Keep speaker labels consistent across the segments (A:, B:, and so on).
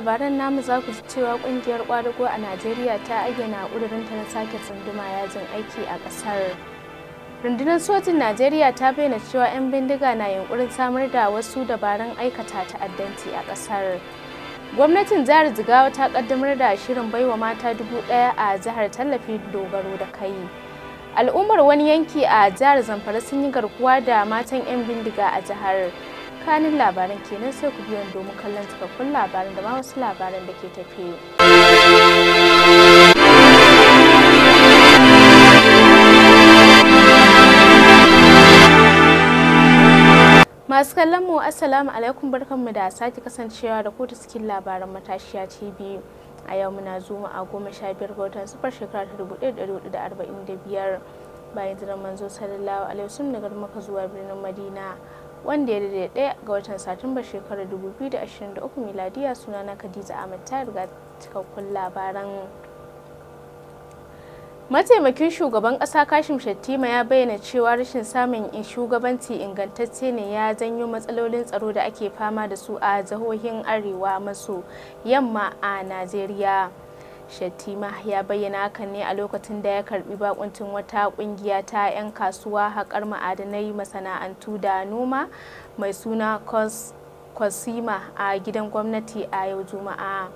A: labaran namu za ku ji cewa kungiyar kwadago a Najeriya ta ayyana na'urarinta na sake tsunduma yajin aiki a ƙasar. Rundunar sojin Najeriya ta bayyana cewa 'yan bindiga na yunkurin samar da wasu dabarun aikata ta'addanci a ƙasar. Gwamnatin jihar Jigawa ta kaddamar da shirin baiwa mata dubu ɗaya a jihar tallafi dogaro da kai. Al'ummar wani yanki a jihar Zamfara sun yi garkuwa da matan 'yan bindiga a jihar. kanin labaran kenan sai ku biyan domin kallon cikakkun labaran da ma wasu labaran da ke tafe. masu kallon mu assalamu alaikum barkanmu da sake kasancewa da ku ta cikin labaran matashiya tv a yau muna zuwa a goma sha biyar ga watan sufar shekara ta dubu ɗaya da da arba'in da biyar bayan jiran manzo sallallahu alaihi wasallam daga maka zuwa birnin madina wanda ya daidai ɗaya ga watan satumba shekarar 2023 miladiya na khadija ahmad ta riga cikakkun labaran mataimakin shugaban ƙasa kashim shattima ya bayyana cewa rashin samun shugabanci ingantacce ne ya janyo matsalolin tsaro da ake fama da su a jihohin arewa maso yamma a najeriya shattima ya bayyana hakan ne a lokacin da ya karbi bakuncin wata kungiya ta 'yan kasuwa haƙar ma'adanai masana'antu da noma mai suna Kwasima a gidan gwamnati a yau Juma'a.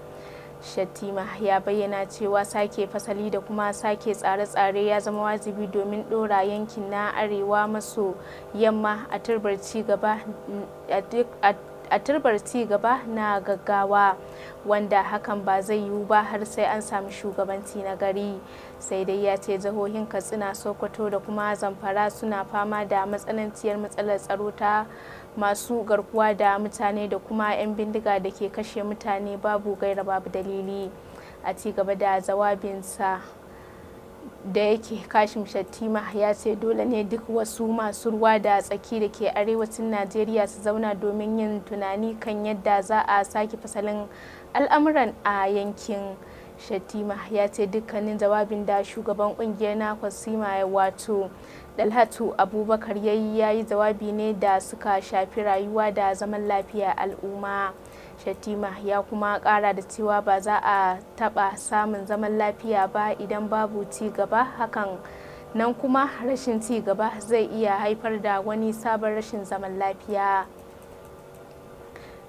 A: shattima ya bayyana cewa sake fasali da kuma sake tsare-tsare ya zama wajibi domin ɗora yankin na arewa maso yamma a turbar ci gaba a turbar ci gaba na gaggawa wanda hakan ba zai yiwu ba har sai an sami shugabanci na gari sai dai ya ce jihohin katsina sokoto da kuma zamfara suna fama da matsananciyar matsalar tsaro ta masu garkuwa da mutane da kuma 'yan bindiga da ke kashe mutane babu gaira babu dalili a ci gaba da jawabinsa da yake kashim shattima ya ce dole ne duk wasu masu ruwa da tsaki da ke arewacin najeriya su zauna domin yin tunani kan yadda za a sake fasalin al'amuran a yankin shattima ya ce dukkanin jawabin da shugaban kungiyar na kwasima wato dalhatu abubakar yayi yayi jawabi ne da suka shafi rayuwa da zaman lafiya al'umma shatima ya kuma kara da cewa ba za a taba samun zaman lafiya ba idan babu ci gaba hakan nan kuma rashin ci gaba zai iya haifar da wani sabon rashin zaman lafiya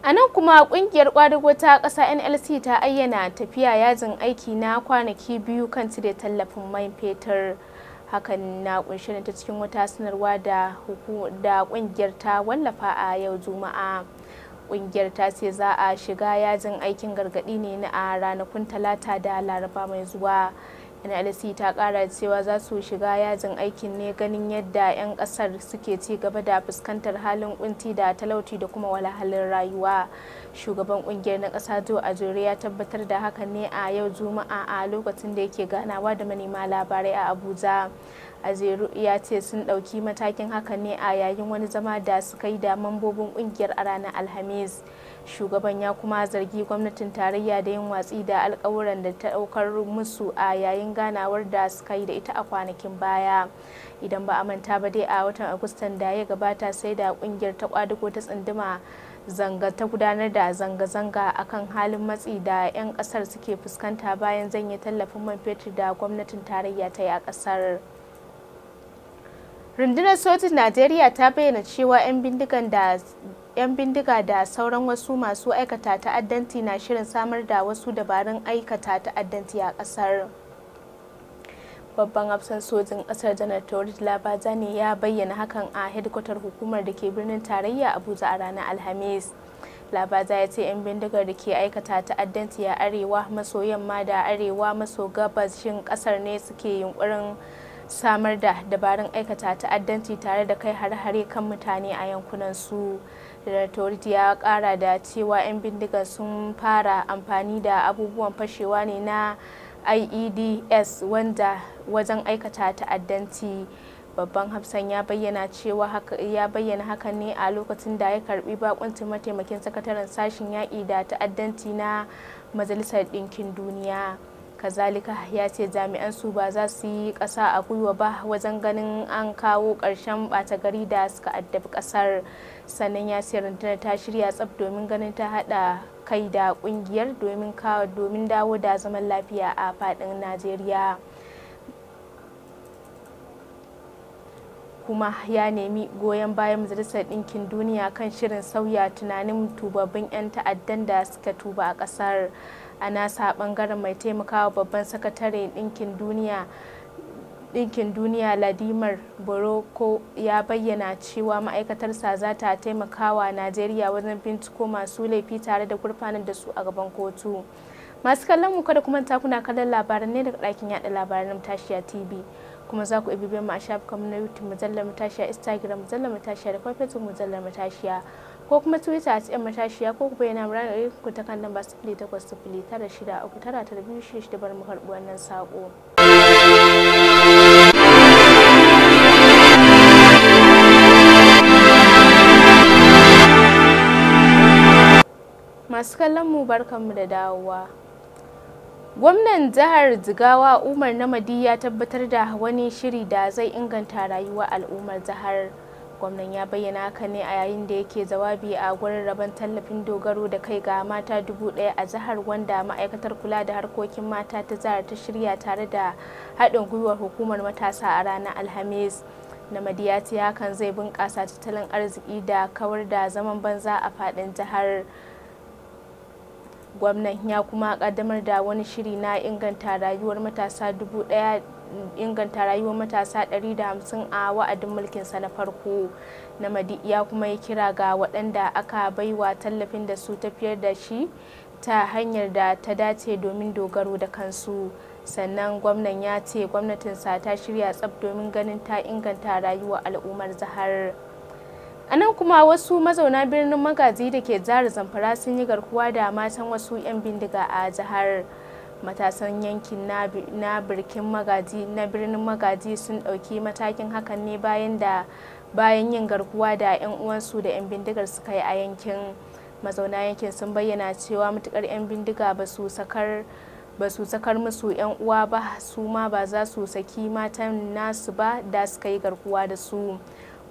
A: a nan kuma kungiyar kwadago ta ƙasa nlc ta ayyana tafiya yajin aiki na kwanaki biyu kan cire tallafin man fetur hakan na kunshe ta cikin wata sanarwa da kungiyar ta wallafa a yau juma'a kungiyar ta ce za a shiga yajin aikin gargadi ne a ranakun talata da laraba mai zuwa nlc ta kara cewa za su shiga yajin aikin ne ganin yadda 'yan kasar suke ci gaba da fuskantar halin kunti da talauci da kuma walahalin rayuwa shugaban kungiyar na kasa a ajore ya tabbatar da haka ne a yau juma'a a lokacin da yake ganawa da manema labarai a abuja azeru ya ce sun ɗauki matakin hakan ne a yayin wani zama da suka yi da mambobin kungiyar a ranar alhamis shugaban ya kuma zargi gwamnatin tarayya da yin watsi da alkawuran da ta daukar musu a yayin ganawar da suka yi da ita a kwanakin baya idan ba a manta ba dai a watan agustan da ya gabata sai da kungiyar ta kwadugo ta tsunduma zanga ta gudanar da zanga-zanga akan halin matsi da 'yan kasar suke fuskanta bayan zanye tallafin man fetur da gwamnatin tarayya ta yi a kasar. rundunar sojin najeriya ta bayyana cewa 'yan bindigan da 'yan bindiga da sauran wasu masu aikata ta'addanci na shirin samar da wasu dabarun aikata ta'addanci a kasar. babban hafsan sojin ƙasar janar taurid ne ya bayyana hakan a hedikwatar hukumar da ke birnin tarayya abuja a ranar alhamis labaza ya ce 'yan bindigar da ke aikata ta'addanci a arewa maso yamma da arewa maso gabashin kasar ne suke yunkurin samar da dabarun aikata ta'addanci tare da kai har hare kan mutane a yankunan su Retoriti ya kara da cewa 'yan bindigar sun fara amfani da abubuwan fashewa ne na IEDS wanda wajen aikata ta'addanci babban hafsan ya bayyana cewa ya bayyana hakan ne a lokacin da ya karbi bakuncin mataimakin sakataren sashen yaƙi da ta'addanci na majalisar ɗinkin duniya. kazalika ya ce jami'an su ba za su yi ƙasa a gwiwa ba wajen ganin an kawo ƙarshen ɓata gari da suka addabi ƙasar sannan ya ce rundunar ta shirya tsab domin ganin ta haɗa kai da ƙungiyar domin kawo domin dawo da zaman lafiya a faɗin najeriya kuma ya nemi goyon bayan majalisar ɗinkin duniya kan shirin sauya tunanin tubabbin 'yan ta'addan da suka tuba a ƙasar. a nasa bangaren mai taimakawa babban sakatare dinkin duniya ɗinkin duniya ladimar boroko ya bayyana cewa ma'aikatarsa za ta taimakawa najeriya wajen binciko masu laifi tare da gurfanar da su a gaban kotu masu kallon mu kada kuma ta kuna kallon labaran ne daga ɗakin yaɗa labaran tashiya tv kuma za ku ibi mu a shafukan mu na youtube mujallar matashiya instagram mujallar matashiya da kuma facebook mujallar matashiya ko kuma twitter a cikin matashiya ko ku bayyana ranar ku ta kan namba sifili takwas sifili tara shida uku tara tara biyu shida shida bar mu karɓi wannan saƙo. masu kallon mu barkanmu da dawowa Gwamnan jihar Jigawa Umar Namadi ya tabbatar da wani shiri da zai inganta rayuwar al'ummar jihar. Gwamnan ya bayyana haka ne a yayin da yake jawabi a gurin rabon tallafin dogaro da kai ga mata dubu ɗaya a jihar wanda ma'aikatar kula da harkokin mata ta jihar ta shirya tare da haɗin gwiwar hukumar matasa a ranar Alhamis. Namadi ya ce hakan zai bunƙasa tattalin arziki da kawar da zaman banza a faɗin jihar. gwamnan ya kuma kaddamar da wani shiri na inganta rayuwar matasa dubu daya inganta rayuwar matasa 150 a wa'adin mulkinsa na farko na madi' ya kuma yi kira ga waɗanda aka baiwa tallafin da su tafiyar da shi ta hanyar da ta dace domin dogaro da kansu sannan gwamnan ya ce gwamnatinsa ta shirya tsab domin ganin ta inganta rayuwar al'ummar zahar kuma wasu mazauna birnin magaji da ke jihar zamfara sun yi garkuwa da matan wasu 'yan bindiga a jihar matasan yankin na birkin magaji na birnin magaji sun ɗauki matakin hakan ne bayan da bayan yin garkuwa da 'yan uwansu da 'yan bindigar suka yi a yankin mazauna yankin sun bayyana cewa matukar 'yan bindiga ba su sakar ba su sakar musu 'yan uwa ba su ma ba za su saki matan nasu ba da suka yi garkuwa da su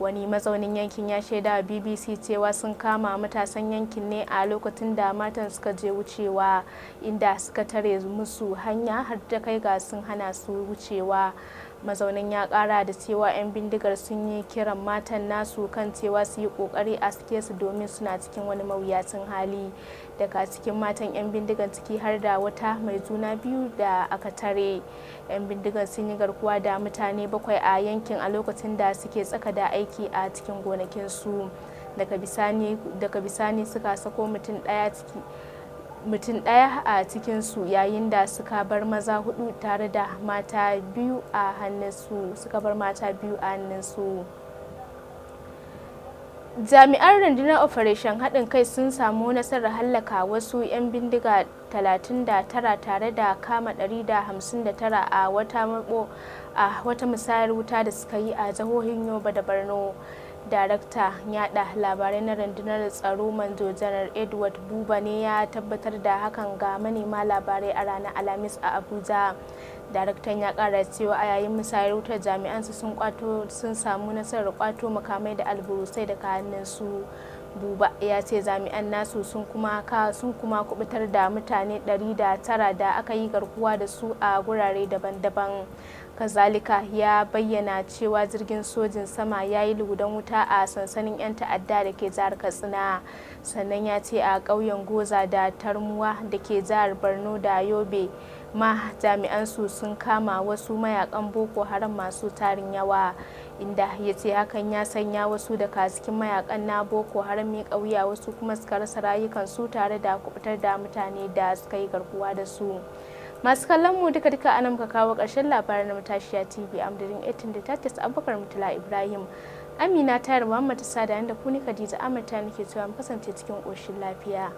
A: wani mazaunin yankin ya shaida bbc cewa sun kama matasan yankin ne a lokacin da matan suka je wucewa inda suka tare musu hanya har ta kai ga sun hana su wucewa mazaunin ya kara da cewa 'yan bindigar sun yi kiran matan nasu kan cewa su yi kokari a suke su domin suna cikin wani mawuyacin hali daga cikin matan 'yan bindigar ciki har da wata mai juna biyu da aka tare 'yan bindigar sun yi garkuwa da mutane bakwai a yankin a lokacin da suke tsaka da aiki a cikin gonakinsu daga bisani suka sako mutum daya ciki mutum ɗaya a cikinsu yayin da suka bar maza hudu tare da mata biyu a hannunsu suka bar mata biyu a hannunsu jami'an rundunar operation haɗin kai sun samu nasarar hallaka wasu 'yan bindiga 39 tare da kama 159 a wata musayar wuta da suka yi a jihohin yoba da borno darakta yada labarai na rundunar tsaro manzo janar edward buba ne ya tabbatar da hakan ga manema labarai a ranar alhamis a abuja daraktan ya kara cewa a yayin musayar wutar jami'ansu sun samu nasarar kwato makamai da alburusai daga hannunsu su buba ya ce jami'an nasu sun kuma ka kubutar da mutane 900 da aka yi garkuwa da su a gurare daban-daban kazalika ya bayyana cewa jirgin sojin sama ya yi lugudan wuta a sansanin 'yan ta'adda da ke jihar katsina sannan ya ce a ƙauyen goza da tarmuwa da ke jihar borno da yobe ma jami'an su sun kama wasu mayakan boko haram masu tarin yawa inda ya ce hakan ya sanya wasu daga cikin mayakan na boko haram mai kauya wasu kuma suka rasa rayukan su tare da kubutar da mutane da suka yi garkuwa da su masu kallon mu duka duka anan ka kawo ƙarshen labarin na matashiya tv amdirin 18 abubakar mutula ibrahim amina tayar muhammad sada da ku ni khadija amurta nake cewa kasance cikin koshin lafiya